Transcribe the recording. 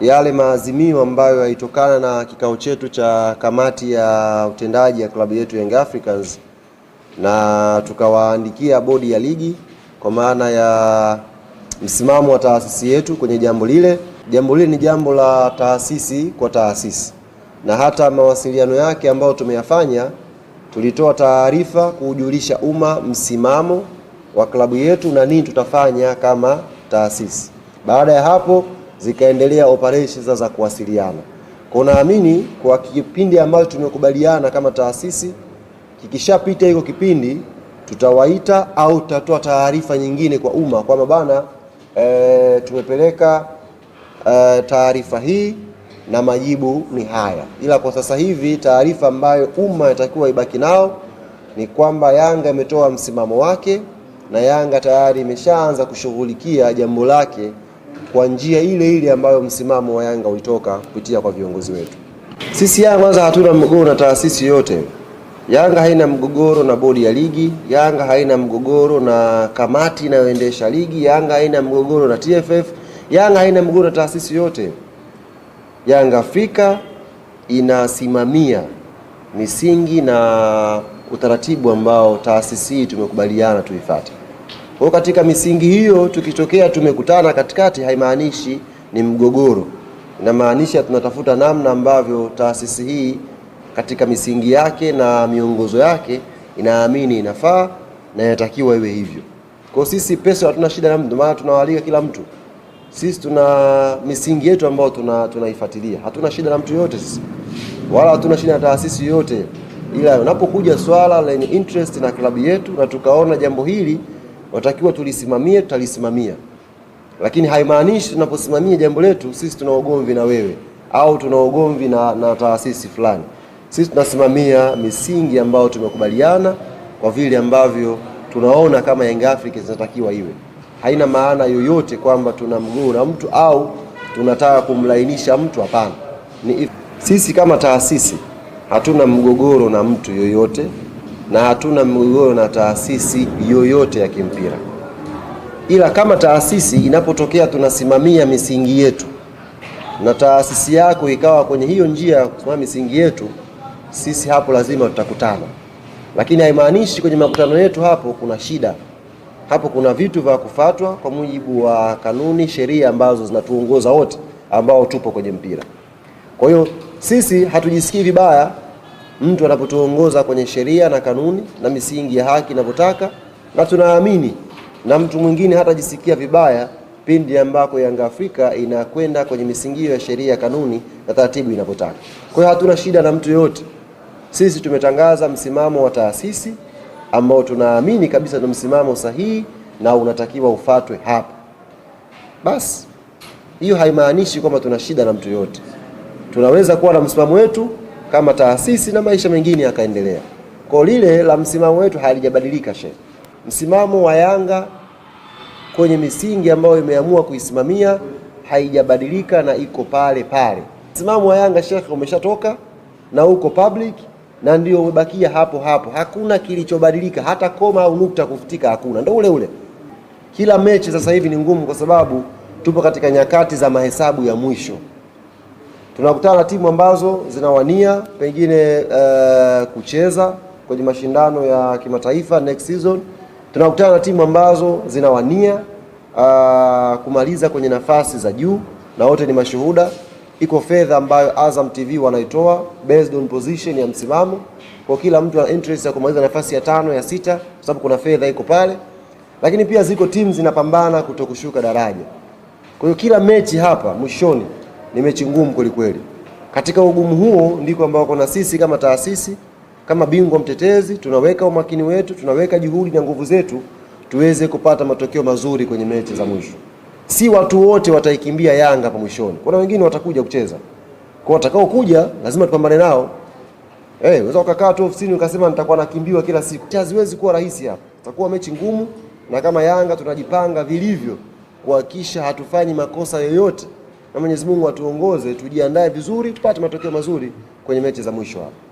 yale maazimio ambayo yalitokana na kikao chetu cha kamati ya utendaji ya klabu yetu Young Africans, na tukawaandikia bodi ya ligi kwa maana ya msimamo wa taasisi yetu kwenye jambo lile. Jambo lile ni jambo la taasisi kwa taasisi, na hata mawasiliano yake ambayo tumeyafanya, tulitoa taarifa kuujulisha umma msimamo wa klabu yetu na nini tutafanya kama taasisi. Baada ya hapo zikaendelea operations za kuwasiliana. Kwa naamini kwa kipindi ambacho tumekubaliana kama taasisi, kikishapita hiko kipindi tutawaita au tutatoa taarifa nyingine kwa umma kwa bana e, tumepeleka e, taarifa hii na majibu ni haya. Ila kwa sasa hivi taarifa ambayo umma inatakiwa ibaki nao ni kwamba Yanga imetoa msimamo wake na Yanga tayari imeshaanza kushughulikia jambo lake kwa njia ile ile ambayo msimamo wa Yanga ulitoka kupitia kwa viongozi wetu. Sisi Yanga kwanza hatuna mgogoro na taasisi yote. Yanga haina mgogoro na bodi ya ligi. Yanga haina mgogoro na kamati inayoendesha ligi. Yanga haina mgogoro na TFF. Yanga haina mgogoro na taasisi yote. Yanga Afrika inasimamia misingi na utaratibu ambao taasisi hii tumekubaliana tuifuate. Kwa katika misingi hiyo tukitokea tumekutana katikati, haimaanishi ni mgogoro, inamaanisha tunatafuta namna ambavyo taasisi hii katika misingi yake na miongozo yake inaamini inafaa na inatakiwa iwe hivyo. Kwa sisi pesa hatuna shida na mtu, maana tunawalika kila mtu. Sisi tuna misingi yetu ambayo tuna tunaifuatilia, hatuna shida na mtu yote sisi, wala hatuna shida na taasisi yote. ila unapokuja swala lenye interest na klabu yetu na tukaona jambo hili watakiwa tulisimamie, tutalisimamia, lakini haimaanishi tunaposimamia jambo letu sisi tuna ugomvi na wewe au tuna ugomvi na, na taasisi fulani. Sisi tunasimamia misingi ambayo tumekubaliana kwa vile ambavyo tunaona kama Young Africans zinatakiwa iwe. Haina maana yoyote kwamba tuna mguu na mtu au tunataka kumlainisha mtu, hapana. Ni sisi kama taasisi hatuna mgogoro na mtu yoyote na hatuna mgogoro na taasisi yoyote ya kimpira, ila kama taasisi inapotokea tunasimamia misingi yetu na taasisi yako ikawa kwenye hiyo njia ya kusimamia misingi yetu, sisi hapo lazima tutakutana, lakini haimaanishi kwenye makutano yetu hapo kuna shida. Hapo kuna vitu vya kufatwa kwa mujibu wa kanuni, sheria ambazo zinatuongoza wote ambao tupo kwenye mpira. Kwa hiyo sisi hatujisikii vibaya mtu anapotuongoza kwenye sheria na kanuni na misingi ya haki inavyotaka, na tunaamini na mtu mwingine hatajisikia vibaya pindi ambako Yanga Afrika inakwenda kwenye misingi ya sheria, kanuni na taratibu inavyotaka. Kwa hiyo hatuna shida na mtu yoyote. Sisi tumetangaza msimamo wa taasisi ambao tunaamini kabisa ndio msimamo sahihi na unatakiwa ufatwe hapa. Basi hiyo haimaanishi kwamba tuna shida na mtu yoyote, tunaweza kuwa na msimamo wetu kama taasisi na maisha mengine yakaendelea. Kwa lile la msimamo wetu halijabadilika she. msimamo wa Yanga kwenye misingi ambayo imeamua kuisimamia haijabadilika na iko pale pale. Msimamo wa Yanga shekhe umeshatoka na uko public na ndio umebakia hapo hapo, hakuna kilichobadilika, hata koma au nukta kufutika hakuna, ndio ule ule. Kila mechi sasa hivi ni ngumu, kwa sababu tupo katika nyakati za mahesabu ya mwisho tunakutana na timu ambazo zinawania pengine uh, kucheza kwenye mashindano ya kimataifa next season. Tunakutana na timu ambazo zinawania uh, kumaliza kwenye nafasi za juu, na wote ni mashuhuda. Iko fedha ambayo Azam TV wanaitoa based on position ya msimamo, kwa kila mtu ana interest ya kumaliza nafasi ya tano, ya sita, kwa sababu kuna fedha iko pale, lakini pia ziko timu zinapambana kutokushuka daraja. Kwa hiyo kila mechi hapa mwishoni ni mechi ngumu kwelikweli. Katika ugumu huo ndiko ambako na sisi kama taasisi kama bingwa mtetezi tunaweka umakini wetu, tunaweka juhudi na nguvu zetu tuweze kupata matokeo mazuri kwenye mechi za mwisho. Si watu wote wataikimbia Yanga hapa mwishoni, kuna wengine watakuja kucheza kwa watakao kuja, lazima tupambane nao. Eh, hey, unaweza ukakaa tu ofisini ukasema nitakuwa nakimbiwa kila siku, haziwezi kuwa rahisi hapa, itakuwa mechi ngumu, na kama Yanga tunajipanga vilivyo kuhakikisha hatufanyi makosa yoyote na Mwenyezi Mungu atuongoze, tujiandae vizuri, tupate matokeo mazuri kwenye mechi za mwisho hapa.